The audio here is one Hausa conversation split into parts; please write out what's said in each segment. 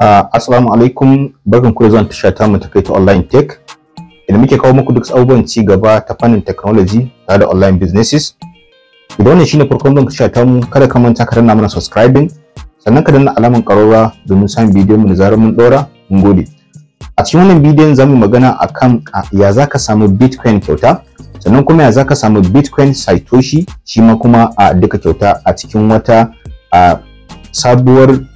Uh, Assalamu alaikum barkan ku da zuwa tasha ta mu ta kai ta online tech inda muke kawo muku duk abubuwan ci gaba ta fannin technology da da online businesses idan wannan shine farkon zuwa tasha ta mu kada ka manta ka danna mana subscribing sannan ka danna alamar karora domin samun bidiyon mu da zarar mun dora mun gode a cikin wannan bidiyon zamu magana akan ya zaka samu bitcoin kyauta sannan kuma ya zaka samu bitcoin satoshi shi ma kuma a duka kyauta a cikin wata a sabuwar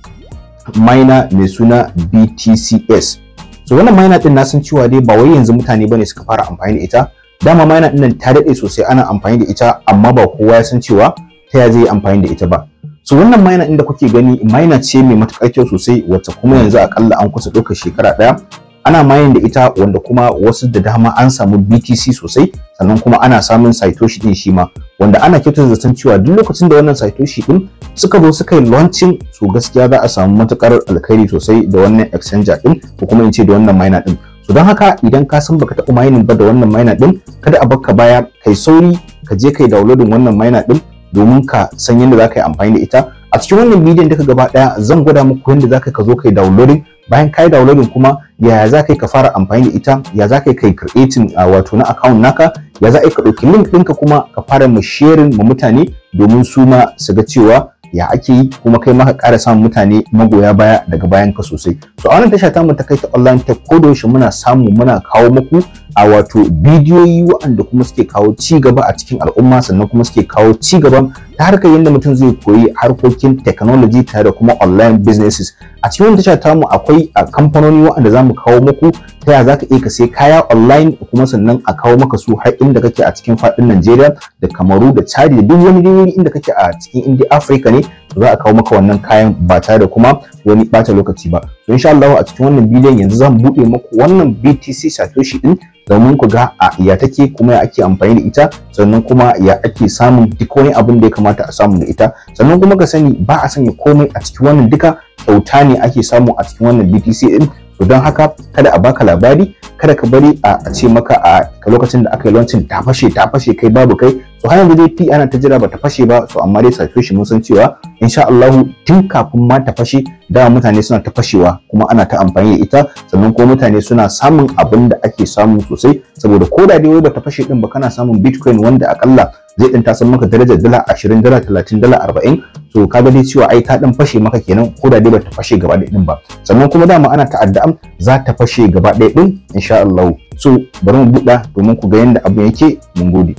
miner mai suna BTCS so wannan miner din na san cewa dai ba wai yanzu mutane bane suka fara amfani da ita dama miner din nan ta dade sosai ana amfani da ita amma ba kowa ya san cewa ta ya zai amfani da ita ba so wannan miner din da kuke gani miner ce mai matukar kyau sosai wacce kuma yanzu akalla an kusa ɗaukar shekara ɗaya ana mayan da ita wanda kuma wasu da dama an samu BTC sosai sannan kuma ana samun Satoshi din shi ma wanda ana kyautata zaton cewa duk lokacin da wannan Satoshi din suka zo suka yi launching so gaskiya za a samu matukar alkhairi sosai da wannan exchanger din ko kuma in ce da wannan miner din so don haka idan ka san baka taɓa mining ba da wannan miner din kada a baka baya kai sauri ka je kai downloading wannan miner din domin ka san yadda za ka yi amfani da ita a cikin wannan bidiyon da ka gaba daya zan gwada muku yadda za ka zo kai downloading bayan kai downloading kuma ya za kai ka fara amfani da ita ya za kai kai creating uh, wato na account naka ya za ka ɗauki link ɗinka kuma ka fara mu sharing ma mutane domin su ma su ga cewa ya ake yi kuma kai ma ka ƙara samun mutane magoya baya daga bayan ka sosai so a wannan tasha ta mu ta kai ta online tech ko da yaushe muna samu muna kawo muku a wato bidiyoyi waɗanda kuma suke kawo ci gaba a cikin al'umma sannan kuma suke kawo ci gaba ta harkar yadda mutum zai koyi harkokin technology tare da kuma online businesses a cikin wani tasha mu akwai a kamfanoni waɗanda za mu kawo muku ta yaya za ka iya ka sai kaya online kuma sannan a kawo maka su har inda kake a cikin faɗin Najeriya da Kamaru da Chadi da duk wani wuri inda kake a cikin indiya Africa ne za a kawo maka wannan kayan ba tare da kuma wani bata lokaci ba so insha Allah a cikin wannan bidiyon yanzu zan bude muku wannan BTC Satoshi din mun ku ga a ya take kuma ya ake amfani da ita sannan kuma ya ake samun duk wani abin da ya kamata a samu da ita sannan kuma ka sani ba a sanya komai a cikin wannan duka kyauta ne ake samu a cikin wannan BTC din to don haka kada a baka labari kada ka bari a ce maka a lokacin da aka yi launching ta fashe ta fashe kai babu kai To har yanzu dai fi ana ta jira ba ta fashe ba to amma dai safe mun san cewa insha Allah tun kafin ma ta fashe da mutane suna ta fashewa kuma ana ta amfani da ita sannan kuma mutane suna samun abin da ake samu sosai saboda ko da dai ba ta fashe din ba kana samun bitcoin wanda akalla zai dan tasan maka darajar dala 20 dala 30 dala 40 so ka dai cewa ai ta dan fashe maka kenan ko da dai bata fashe gaba ɗaya din ba sannan kuma dama ana ta'adda'am za ta fashe gaba ɗaya din insha Allah so bari mu buɗa domin ku ga yanda abin yake mun gode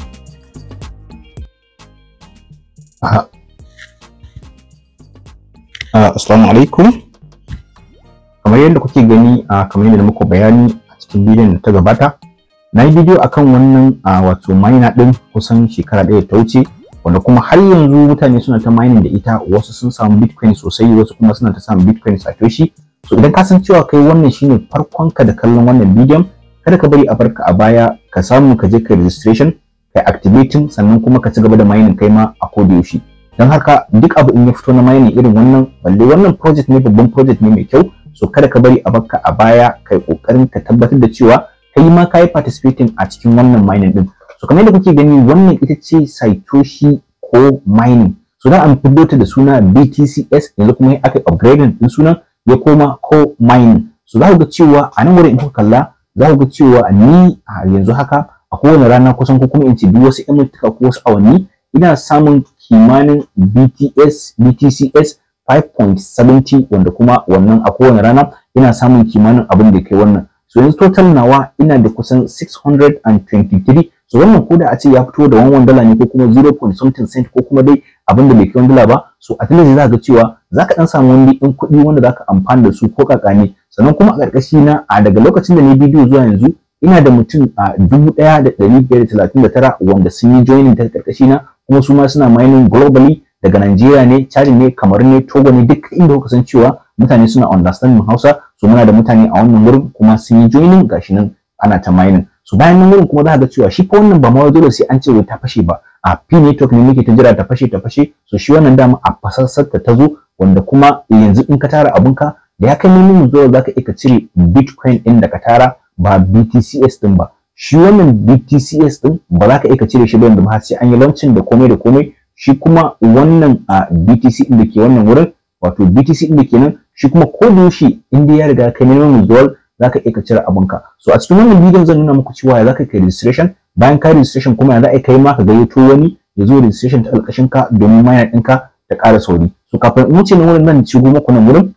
Aha. Ah, assalamu alaikum. Kamar yadda kuke gani a ah, kamar yadda muka bayani a cikin bidiyon da ta gabata, na yi bidiyo akan wannan wato maina din kusan shekara ɗaya ta wuce wanda kuma har yanzu mutane suna ta mining da ita wasu sun samu bitcoin sosai wasu kuma suna ta samu bitcoin satoshi so idan ka san cewa kai wannan shine farkon ka da kallon wannan bidiyon kada ka bari a barka a baya ka samu ka je kai registration kai activating sannan kuma ka ci gaba da mining kai ma a koda yaushe don haka duk abu in ya fito na mining irin wannan balle wannan project ne babban project ne mai kyau so kada ka bari a barka a baya kai kokarin ka tabbatar da cewa kai ma ka yi participating a cikin wannan mining din so kamar yadda kuke gani wannan ita ce Satoshi ko mining so da an fito da suna BTCS yanzu kuma aka upgrading din sunan ya koma ko mining so za ku ga cewa a nan wurin in kuka kalla za ku ga cewa ni yanzu haka a kowane rana kusan ko kuma in ce wasu ƴan mintuka ko wasu awanni ina samun kimanin BTS BTCS 5.70 wanda kuma wannan a kowane rana ina samun kimanin abin da kai wannan so yanzu total nawa ina da kusan 623 so wannan koda a ce ya fito da 1 dala ne ko kuma 0. something cent ko kuma dai abin da bai kai 1 ba so at least za ga cewa za ka dan samu wani ɗan kuɗi wanda za ka amfana da su ko kaka ne sannan kuma a ƙarƙashi na a daga lokacin da ni bidiyo zuwa yanzu ina da mutum a 1539 wanda sun yi joining ta ƙarƙashi na kuma su ma suna mining globally daga Najeriya ne, Chad ne, Kamar ne, Togo ne duk inda kuka san cewa mutane suna understanding Hausa so muna da mutane a wannan wurin kuma sun yi joining gashi nan ana ta mining so bayan nan wurin kuma za ga cewa shi fa wannan ba ma dole sai an ce wai ta fashe ba a p network ne muke ta jira ta fashe ta fashe so shi wannan dama a fasassar ta zo wanda kuma yanzu in ka tara ka da ya kai minimum zuwa zaka iya cire bitcoin din da ka tara ba BTCS din ba shi wannan BTCS din ba za ka iya cire shi ba yanzu ba sai an yi launching da komai da komai shi kuma wannan a BTC din da ke wannan wurin wato BTC ɗin kenan shi kuma ko da yaushe in dai ya riga kai neman withdrawal zaka iya ka cire ka so a cikin wannan bidiyon zan nuna muku cewa ya zaka kai registration bayan ka registration kuma ya za kai ma ka gayyato wani ya zo registration ta alƙashin ka domin maya ka ta ƙara sauri so kafin in wuce nan wurin nan ci muku nan wurin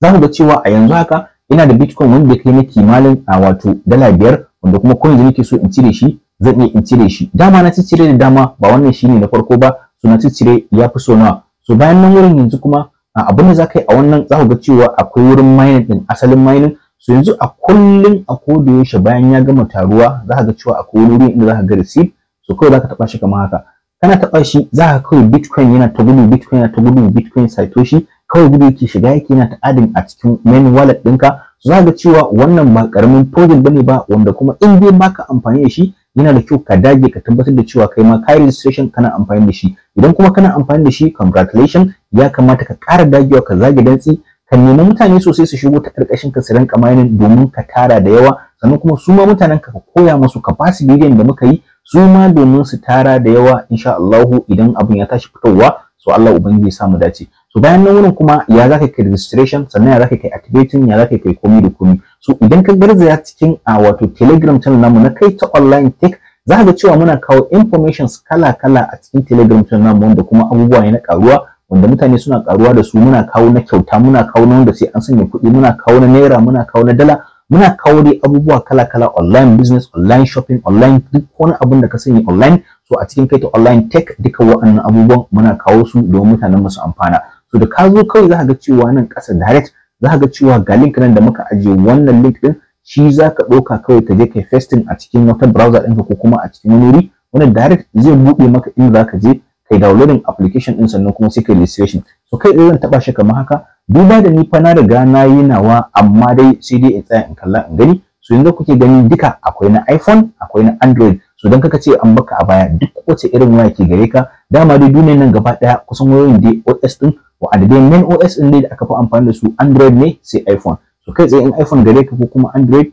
za ku ga cewa a yanzu haka ina da bitcoin wanda kai na kimanin a wato dala biyar wanda kuma coin da nake so in cire shi zan iya in cire shi dama na cire da dama ba wannan shine na farko ba so na cire ya fi so na so bayan nan wurin yanzu kuma abin da za ka yi a wannan za ku ga cewa akwai wurin mining din asalin mining so yanzu a kullum a koda yaushe bayan ya gama taruwa za ka ga cewa akwai wani wuri inda za ka ga receipt so kawai za ka taɓa shi kamar haka kana taɓa shi za ka kawai bitcoin yana ta gudu bitcoin yana ta gudu bitcoin satoshi kawai gudu yake shiga yake yana ta adin a cikin main wallet ɗinka za ka ga cewa wannan ba karamin project bane ba wanda kuma in dai baka amfani da shi yana da kyau ka dage ka tabbatar da cewa kai ma kai registration kana amfani da shi idan kuma kana amfani da shi congratulation ya kamata ka ƙara dagewa ka zage dantsi ka nemi mutane sosai su shigo ta ƙarƙashin ka su rinka mining domin ka tara da yawa sannan kuma su ma mutanen ka ka koya musu ka basu bidiyon da muka yi su ma domin su tara da yawa insha Allahu idan abun ya tashi fitowa so Allah ubangiji ya mu dace so bayan nan wurin kuma ya zaka kai registration sannan ya zaka kai activating ya zaka kai komi da komi so idan ka garzaya cikin a ah, wato telegram channel namu na kai ta online tech za ga cewa muna kawo informations kala-kala a cikin telegram channel namu wanda kuma abubuwa ne na karuwa wanda mutane suna karuwa da su muna kawo na kyauta muna kawo na wanda sai an sanya kuɗi muna kawo na naira muna kawo na dala muna kawo dai abubuwa kala-kala online business online shopping online duk wani abun da ka sanya online so a cikin kai ta online tech duka waɗannan abubuwan muna kawo su domin mutanen masu amfana so da ka zo kawai za ka ga cewa nan ƙasa direct za ka ga cewa ga link nan da muka ajiye wannan link din shi za ka ɗauka kawai ka je kai festing a cikin wata browser ɗinka ko kuma a cikin wani wuri wanda direct zai buɗe maka inda za ka je kai downloading application ɗin sannan kuma sai kai registration so kai zan taɓa shi kamar haka duba da ni fa na riga na yi nawa amma dai sai dai in tsaya in kalla in gani so yanzu kuke gani duka akwai na iPhone akwai na Android so dan kaka ce an baka a baya duk wace irin waya ke gare ka dama dai duniyar nan gaba ɗaya kusan wayoyin dai OS din wa'anda dai main OS ɗin dai da aka fi amfani da su Android ne sai iPhone to kai tsaye in iphone gare ka ko kuma android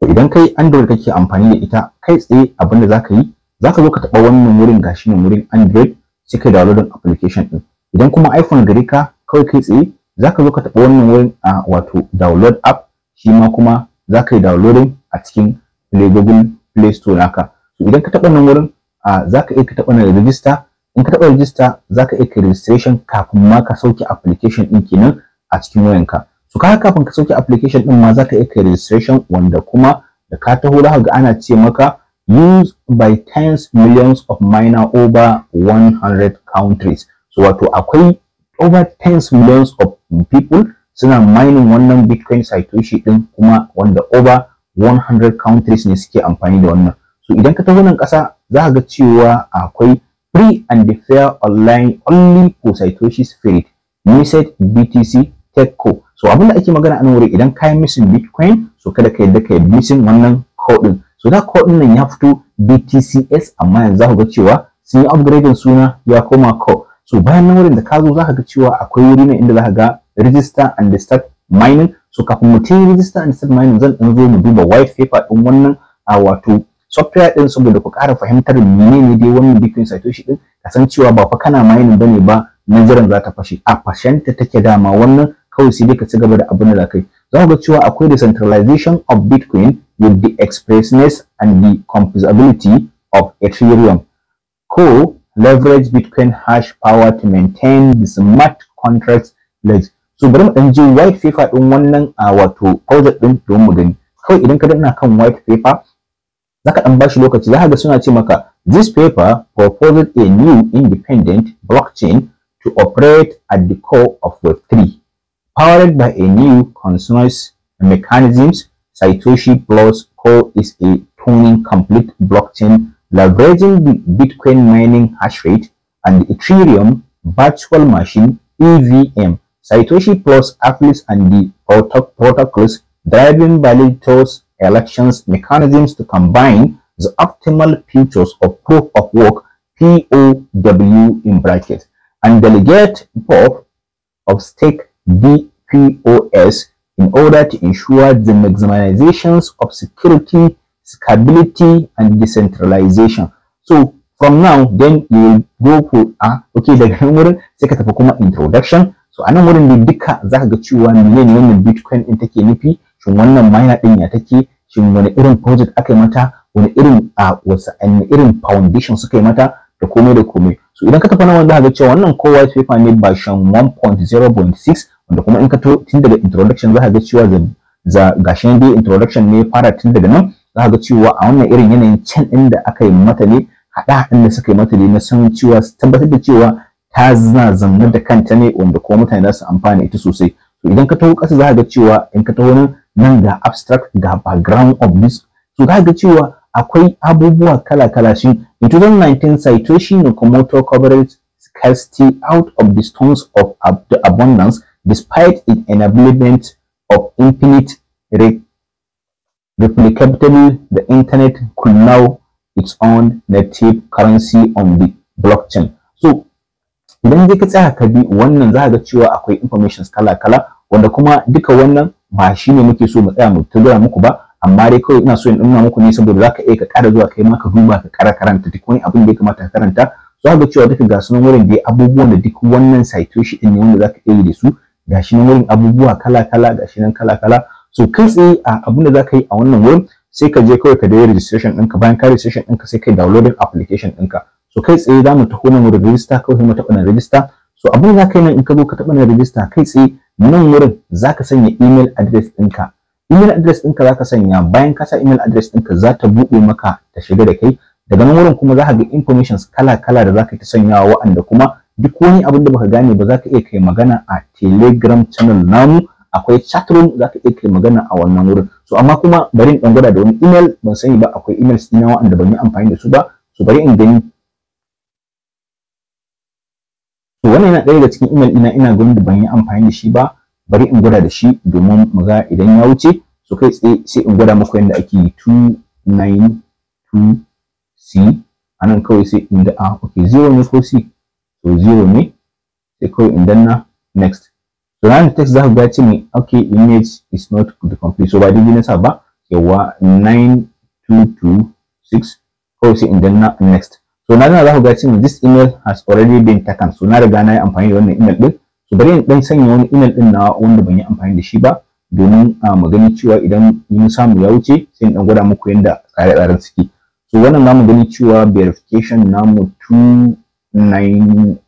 to idan kai android kake amfani da ita kai tsaye abinda za ka yi za ka zo ka taɓa wannan wurin gashi ne wurin android sai kai downloadin application ɗin idan kuma iphone gare ka kawai kai tsaye za ka zo ka taɓa wannan wurin a wato download app shi ma kuma za ka yi downloading a cikin play google play store naka to idan ka taɓa nan wurin za ka iya ka taɓa register in ka taɓa register za ka iya ka registration kafin ma ka sauke application ɗin kenan a cikin wayanka so ka kafin ka sauke application din ma zaka iya kai registration wanda kuma da ka taho za ga ana ce maka used by tens millions of miner over 100 countries so wato akwai over tens millions of people suna mining wannan bitcoin satoshi din kuma wanda over 100 countries ne suke amfani da wannan so idan ka taho nan kasa za ka ga cewa akwai free and fair online only for satoshi spirit message btc Tekko. so abin da ake magana a nan wuri idan kayan misin bitcoin so kada ka yadda ka yi misin wannan code din so da code din nan ya fito BTCS amma yanzu za ku ga cewa sun yi upgrading suna ya koma ko so bayan nan wurin da ka zo za ga cewa akwai wuri ne inda zaka ga register and start mining so kafin mutum yi register and start mining zan ɗan zo mu duba white paper ɗin wannan a wato software ɗin saboda ku ƙara fahimtar menene dai wannan bitcoin satoshi ɗin kasancewa ba fa kana mining bane ba Nigeria za ta fashe a fashen ta take dama wannan kawai sai ka ci gaba da abin da za kai. za ga cewa akwai decentralization of bitcoin with the expressiveness and the composability of ethereum co leverage bitcoin hash power to maintain the smart contracts ledge so bari mu dan je white paper din wannan a wato project din don mu gani kawai idan ka danna kan white paper zaka dan bashi lokaci zaka ga suna ce maka this paper proposes a new independent blockchain to operate at the core of Web3, powered by a new consensus mechanisms. Satoshi Plus Core is a Turing complete blockchain leveraging the Bitcoin mining hash rate and the Ethereum virtual machine EVM. Satoshi Plus applis and the protocols driving validators elections mechanisms to combine the optimal features of proof of work POW in brackets. and delegate Pope of Stake DPOS in order to ensure the maximization of security, stability and decentralization. So from now, then you will go for uh, okay, daga nan wurin sai ka kuma introduction. So anan wurin ne duka za ka ga cewa menene wannan Bitcoin ɗin take nufi, shin wannan miner ɗin ya take, shin wani irin project aka yi mata, wani irin an ah, wasu irin foundation suka yi mata, da komai da komai so idan ka tafi nan wanda ga cewa wannan kowa paper ne shan 1.0.6 wanda kuma in ka to tun daga introduction za ka ga cewa za gashin dai introduction ne fara tun daga nan za ga cewa a wannan irin yanayin can din da aka yi mata ne haɗa din da suka yi mata ne na san cewa tabbatar da cewa ta zana zanne da kanta ne wanda kuma mutane za su amfana ita sosai to idan ka taho kasa za ga cewa in ka taho nan nan ga abstract ga background of this to za ga cewa akwai abubuwa kala-kala shi in 2019 Satoshi Nakamoto coverage scarcity out of the stones of the abundance despite its enablement of infinite re replicability the internet could now its own native currency on the blockchain so idan dai ka tsaya ka bi wannan za ga cewa akwai informations kala-kala wanda kuma duka wannan ba shine muke so mu tsaya mu tura muku ba amma dai kawai ina so in nuna muku ne saboda zaka iya ka ƙara zuwa kai ma ka duba ka ƙara karanta duk wani abin da ya kamata ka karanta za ga cewa duka ga nan wurin da abubuwan da duk wannan shi din ne wanda zaka iya da su gashi nan wurin abubuwa kala kala gashi nan kala kala so kai tsaye a abin da zaka yi a wannan wurin sai ka je kawai ka dai registration ɗinka bayan ka registration ɗinka sai kai downloading application ɗinka so kai tsaye za mu taho nan wurin register kawai mu taɓa nan register so abin da zaka yi nan in ka zo ka taɓa nan register kai tsaye nan wurin zaka sanya email address ɗinka email address ɗinka zaka sanya bayan ka sa email address ɗinka za ta buɗe maka ta shiga da kai daga nan wurin kuma za ka ga informations kala-kala da za ka ta sanyawa waɗanda kuma duk wani abin da baka gane ba za ka iya kai magana a telegram channel namu akwai chat room za ka iya kai magana a wannan wurin so amma kuma bari in gwada da wani email ban sani ba akwai emails ɗina waɗanda ban yi amfani da su ba so bari in gani to wannan yana ɗaya daga cikin email ina ina gani da ban yi amfani da shi ba bari in gwada da shi domin mu ga idan ya wuce so kai tsaye sai in gwada muku yadda ake yi 292c a nan kawai sai in da a ah, ok 0 ne ko c to 0 ne sai kawai in danna next so na da text za ku ga ce ne ok image is not the complete so ba daidai na sa ba yawa 9226 kawai sai in danna next so na da za ku ga ce ne this email has already been taken so na riga na yi amfani da wannan email din bari in dan sanya wani email din na wanda ban yi amfani da shi ba domin a ah, magani cewa idan mun samu ya wuce sai in dan gwada muku yanda tsare-tsaren suke so wannan namu gani cewa verification namu 2986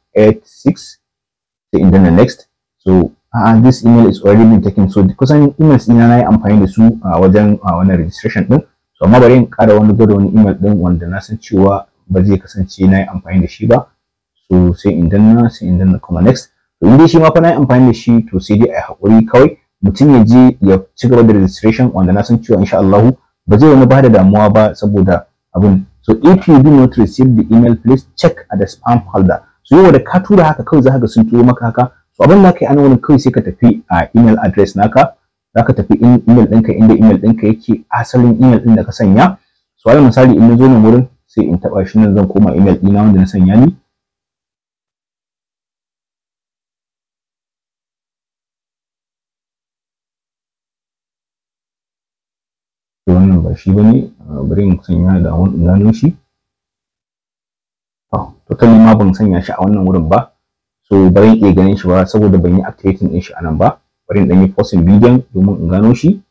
sai in danna next so uh, this email is already been taken so kusan emails ina na yi amfani da su a ah, wajen a wannan registration din so amma bari in kara wani gwada wani email din wanda na san cewa ba zai kasance na yi amfani da shi ba so sai in danna sai in danna kuma next in dai shi ma fa na yi amfani da shi to sai dai a yi haƙuri kawai mutum ya je ya ci gaba da registration wanda na san cewa insha Allah ba zai wani bada damuwa ba saboda abin so if you do not receive the email please check at the spam folder so yau da ka tura haka kawai za ka ga sun turo maka haka so abin da kai an wani kawai sai ka tafi a email address naka za ka tafi email ɗinka inda email ɗinka yake asalin email ɗin da ka sanya so alal misali in na zo nan wurin sai in taɓa shi nan zan koma email ɗina wanda na sanya ni to wannan ba shi bane ah, bari mu sanya da gano shi ah, to kan ma ban sanya shi a wannan wurin ba so bari in iya ganin shi ba saboda ban yi activating din shi a nan ba bari in dan yi posting bidiyon domin in gano shi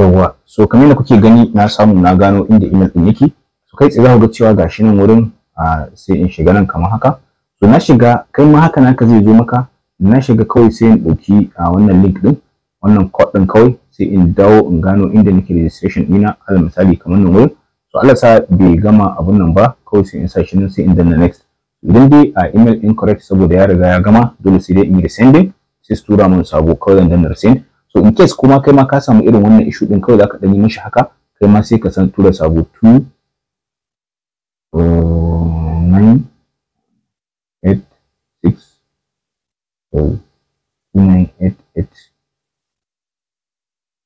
yawa so kamar da kuke gani na samu na gano inda email din yake so kai tsaye za ku ga cewa gashi nan wurin ah, sai in shiga nan kamar haka to na shiga kai ma haka naka zai zo maka na shiga kawai sai in ɗauki a wannan link din wannan code din kawai sai in dawo in gano inda nake registration ɗina alal misali kamar nan wurin to Allah sa bai gama abun nan ba kawai sai in sa shi nan sai in danna next idan dai a email incorrect saboda ya riga ya gama dole sai dai in resending sai su tura mun sabo kawai dan danna resend so in case kuma kai ma ka samu irin wannan issue din kawai zaka dani mishi haka kai ma sai ka san tura sabo 2 9 8 6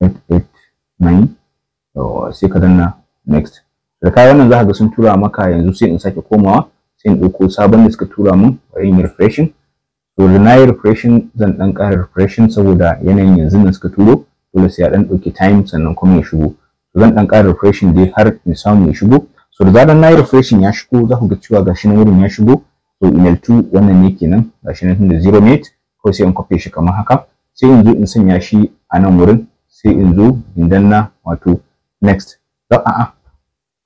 889 sai ka danna next da kayan wannan za ka ga sun tura maka yanzu sai in sake komawa sai in ɗauko sabon da suka tura mun bari in refreshing to da na yi refreshing zan ɗan ƙara refreshing saboda yanayin yanzu da suka turo dole sai ya ɗan ɗauki time sannan kuma ya shigo zan ɗan ƙara refreshing dai har in samu ya shigo so da zaran na yi refreshing ya shigo za ku ga cewa gashi nan wurin ya shigo to email 2 wannan ne kenan gashi nan tunda 08 ko sai in kwafe shi kamar haka sai yanzu in sanya shi a nan wurin sai in zo in danna wato next a a'a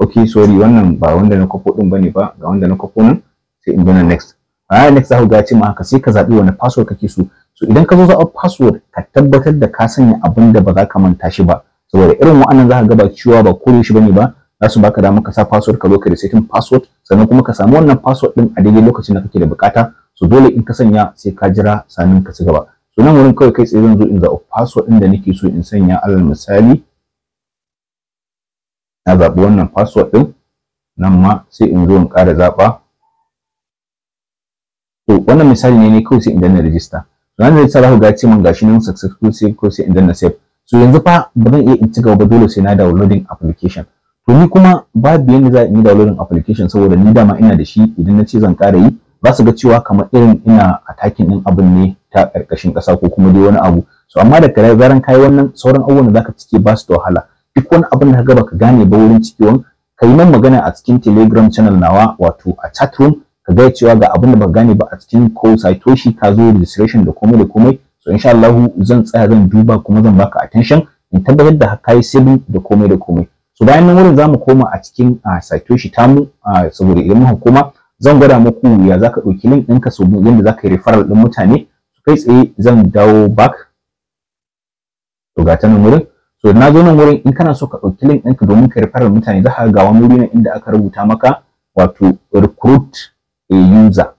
ok sorry wannan ba wanda na kwafo din bane ba ga wanda na kwafo nan sai in danna next a next za ku ga ce ma haka sai ka zaɓi wani password kake so so idan ka zo zaɓar password ka tabbatar da ka sanya abin da ba za ka manta shi ba saboda irin wa'annan za ka ga ba ciwa ba kore shi bane ba za su baka dama ka sa password ka zo ka resetin password sannan kuma ka samu wannan password din a daidai lokacin da kake da bukata so dole in ka sanya sai ka jira sanin ka ci gaba so nan wurin kawai kai tsaye zan zo in zaɓi password ɗin da nake so in sanya alal misali na zaɓi wannan password ɗin nan ma sai in zo in ƙara zaɓa to wannan misali ne ne kawai sai in danna register to nan register za ku ga ce mun gashi nan successful sai in danna save so yanzu fa ba zan iya in ci gaba dole sai na downloading application to ni kuma babu yanda za in yi downloading application saboda ni dama ina da shi idan na ce zan ƙara yi za su ga cewa kamar irin ina attacking din abin ne ta ƙarƙashin ƙasa ko kuma dai wani abu so amma da kare zaran kai wannan sauran abubuwan da zaka cike ba su da wahala duk wani abin da kaga baka gane ba wurin cikewan kai nan magana a cikin telegram channel nawa wato a chat room ka ga cewa ga abun da baka gane ba a cikin ko saitoshi ka zo registration da komai da komai so insha Allah zan tsaya zan duba kuma zan baka attention in tabbatar da ka yi saving da komai da komai so bayan nan wurin zamu koma a cikin saitoshi tamu saboda idan muka koma zan gwada muku ya zaka dauki link ɗinka so yadda zaka yi referral ɗin mutane kai tsaye zan dawo back to ga ta wurin so na zo nan wurin in kana so ka dauki link ɗinka domin ka referral mutane za ka ga wani wuri ne inda aka rubuta maka wato recruit a user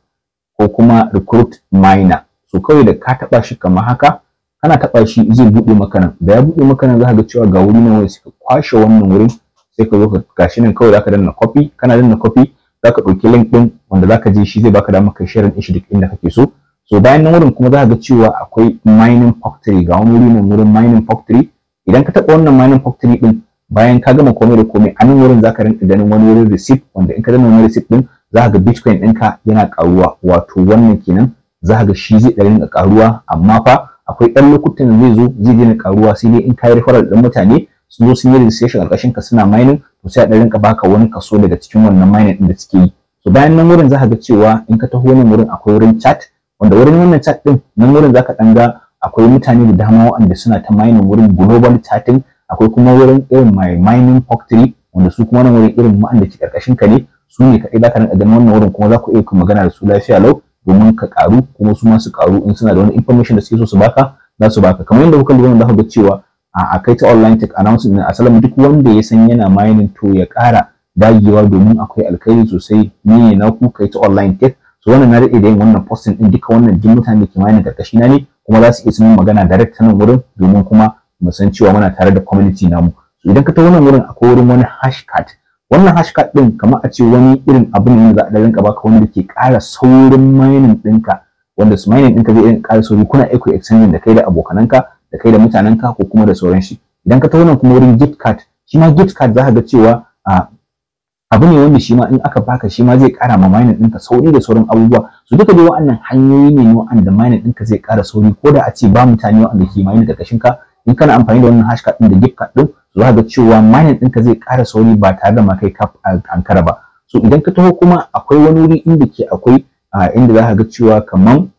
ko kuma recruit miner? so kawai da ka taba shi kamar haka kana taba shi zai buɗe maka nan da ya buɗe maka nan za ka ga cewa ga wuri ne wai suka kwashe wannan wurin sai ka zo ka gashi nan kawai za ka danna copy kana danna copy zaka ɗauki link ɗin wanda zaka je shi zai baka damar kai ɗin shi duk inda kake so so bayan nan wurin kuma za ga cewa akwai mining factory ga wani wuri ne wurin mining factory idan ka taɓa wannan mining factory ɗin bayan ka gama komai da komai anan wurin zaka rinka ganin wani wurin receipt wanda in ka gama wani receipt ɗin za ga bitcoin ka yana ƙaruwa wato wannan kenan za ga shi zai ɗan rinka ƙaruwa amma fa akwai ɗan lokutan zai zo zai daina ƙaruwa sai dai in ka yi referral ɗin mutane su zo sun yi registration a ƙarshen ka suna mining to sai a ɗan ka baka wani kaso daga cikin wannan mining ɗin da suke yi to bayan nan wurin zaka ga cewa in ka taho wani wurin akwai wurin chat wanda wurin wannan chat ɗin nan wurin zaka ɗan ga akwai mutane da dama waɗanda suna ta mining wurin global chatting akwai kuma wurin irin my mining factory wanda su kuma wannan wurin irin waɗanda ke ƙarƙashin ka ne su ne kaɗai ka rinka ganin wannan wurin kuma za ku iya magana da su lafiya lau domin ka karu kuma su ma su karu in suna da wani information da suke so su baka za su baka kamar yadda kuka lura da kuka ga cewa a kai ta online tech announcement din salama duk wanda ya san yana mining to ya ƙara dagewa domin akwai alkhairi sosai ne na ku kai ta online tech so wannan na daɗe da yin wannan posting din duka wannan jin mutane da ke mining karkashi na ne kuma za su iya sanin magana direct nan wurin domin kuma mu san cewa muna tare da community namu so idan ka ta wannan wurin akwai wurin wani card, wannan card din kamar a ce wani irin abu ne za a rinka baka wanda ke ƙara saurin mining ɗinka wanda su mining ɗinka zai irin ƙara sauri kuna eco exchange da kai da abokananka da kai da mutanen ka ko kuma da sauran shi idan ka tauna kuma wurin gift card shi ma gift card za ga cewa abu ne wanda shi ma in aka baka shi ma zai kara ma minor ɗinka sauri da sauran abubuwa su duka dai wa'annan hanyoyi ne wa'anda minor ɗinka zai kara sauri ko da a ce ba mutane wa'anda ke minor da kashin ka in kana amfani da wannan hashtag ɗin da gift card ɗin za ga cewa minor ɗinka zai kara sauri ba tare da ma kai ka ankara ba so idan ka taho kuma akwai wani wuri inda ke akwai inda za ga cewa kaman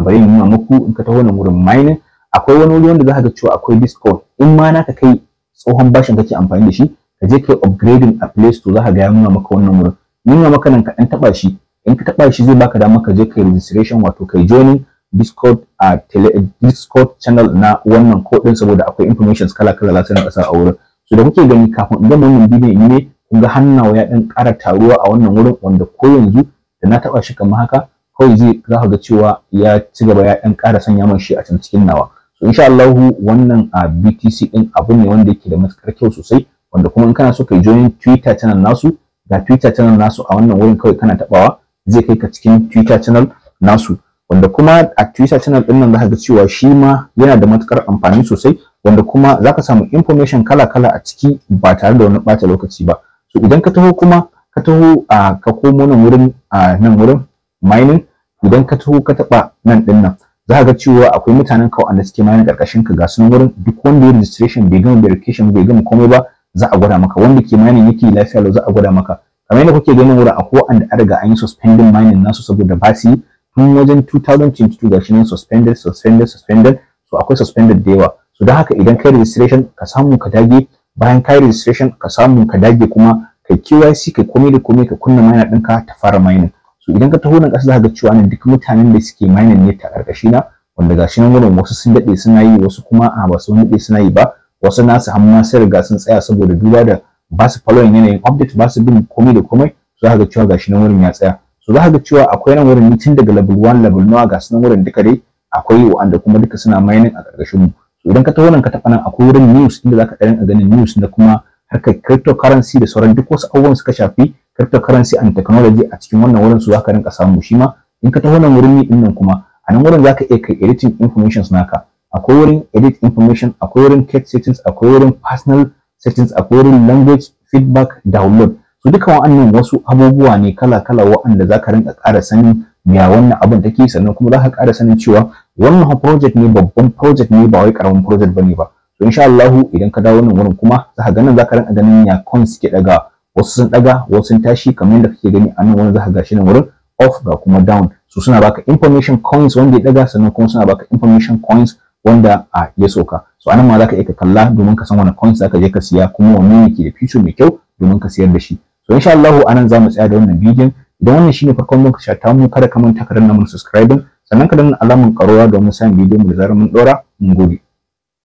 bari in nuna muku in ka taho wannan wurin minor akwai wani wuri wanda zaka ga cewa akwai discount in ma naka kai tsohon bashin kake amfani da shi ka je kai upgrading a Play Store zaka ga ya nuna maka wannan wurin nuna maka nan ka dan taba shi in ka taba shi zai baka dama ka je kai registration wato kai joining Discord a tele, Discord channel na wannan din saboda akwai information kala kala za su rinka sa a wurin so da kuke gani kafin in gama wannan bidiyon ne kun ga hannawa ya dan ƙara taruwa a wannan wurin wanda ko yanzu da na taba shi kamar haka kawai zai za ga cewa ya ci gaba ya dan ƙara sanya man shi a can cikin nawa insha Allah wannan a ah, BTC din abu ne wanda yake da matukar kyau sosai wanda kuma in kana so kai join Twitter channel nasu ga Twitter channel nasu a wannan wurin kawai kana tabawa zai kai ka cikin Twitter channel nasu wanda kuma a Twitter channel din nan zaka ga cewa shi ma yana da matukar amfani sosai wanda kuma zaka samu information kala-kala a ciki ba tare da wani bata lokaci ba so idan ka taho kuma ka taho a ah, ka komo nan wurin a ah, nan wurin mining idan ka taho ka taba nan din nan za ka ga cewa akwai mutanen ka wanda suke mayan karkashin ka ga sunan wurin duk wanda ya registration bai gama verification bai gama komai ba za a gwada maka wanda ke mining yake lafiya lau za a gwada maka kamar yadda kuke ganin wurin akwai wanda an riga an yi suspending mining nasu saboda ba su yi tun wajen 2022 gashi nan suspended suspended suspended so akwai suspended da yawa so don haka idan kai registration ka samu ka dage bayan kai registration ka samu ka dage kuma kai KYC kai komai da komai ka kunna miner ɗinka ta fara mining so idan ka taho nan ƙasa za ga cewa ne duk mutanen da suke mining ne ta ƙarƙashi na wanda gashi nan gurin wasu sun daɗe suna yi wasu kuma a ba su daɗe suna yi ba wasu nasu amma sai riga sun tsaya saboda duba da ba su following yanayin update ba su bin komai da komai so za ga cewa gashi nan wurin ya tsaya Su za ga cewa akwai nan wurin tun daga level 1 level 2 ga su nan wurin duka dai akwai wanda kuma duka suna mining a ƙarƙashin mu so idan ka taho nan ka taɓa nan akwai wurin news inda za ka ɗarin a ganin news na kuma harkar cryptocurrency da sauran duk wasu abubuwan suka shafi cryptocurrency and technology a cikin wannan wurin su zaka rinka samu shi ma in ka taho nan wurin ni din nan kuma a nan wurin zaka iya kai editing informations naka akwai wurin edit information akwai wurin text settings akwai wurin personal settings akwai wurin language feedback download su duka wa'annan wasu abubuwa ne kala-kala wa'anda zaka rinka ƙara sanin ya wannan abin take sannan kuma zaka ƙara sanin cewa wannan project ne babban project ne ba wai karamin project bane ba to insha Allah idan ka dawo nan wurin kuma zaka ga nan zaka rinka ganin ya cons ke daga wasu sun daga wasu sun tashi kamar yadda kake gani a nan wani zaka gashi nan wurin off ga kuma down su suna baka information coins wanda ya daga sannan kuma suna baka information coins wanda a ya soka so anan ma zaka iya kalla domin ka san wani coins zaka je ka siya kuma wani ne yake da future mai kyau domin ka siyar da shi so insha Allah anan zamu tsaya da wannan bidiyon idan wannan shine farkon muka shata mu kada ka manta ka danna mun subscribe sannan ka danna alamar karuwa domin samun bidiyon mu da zarar mun dora mun gode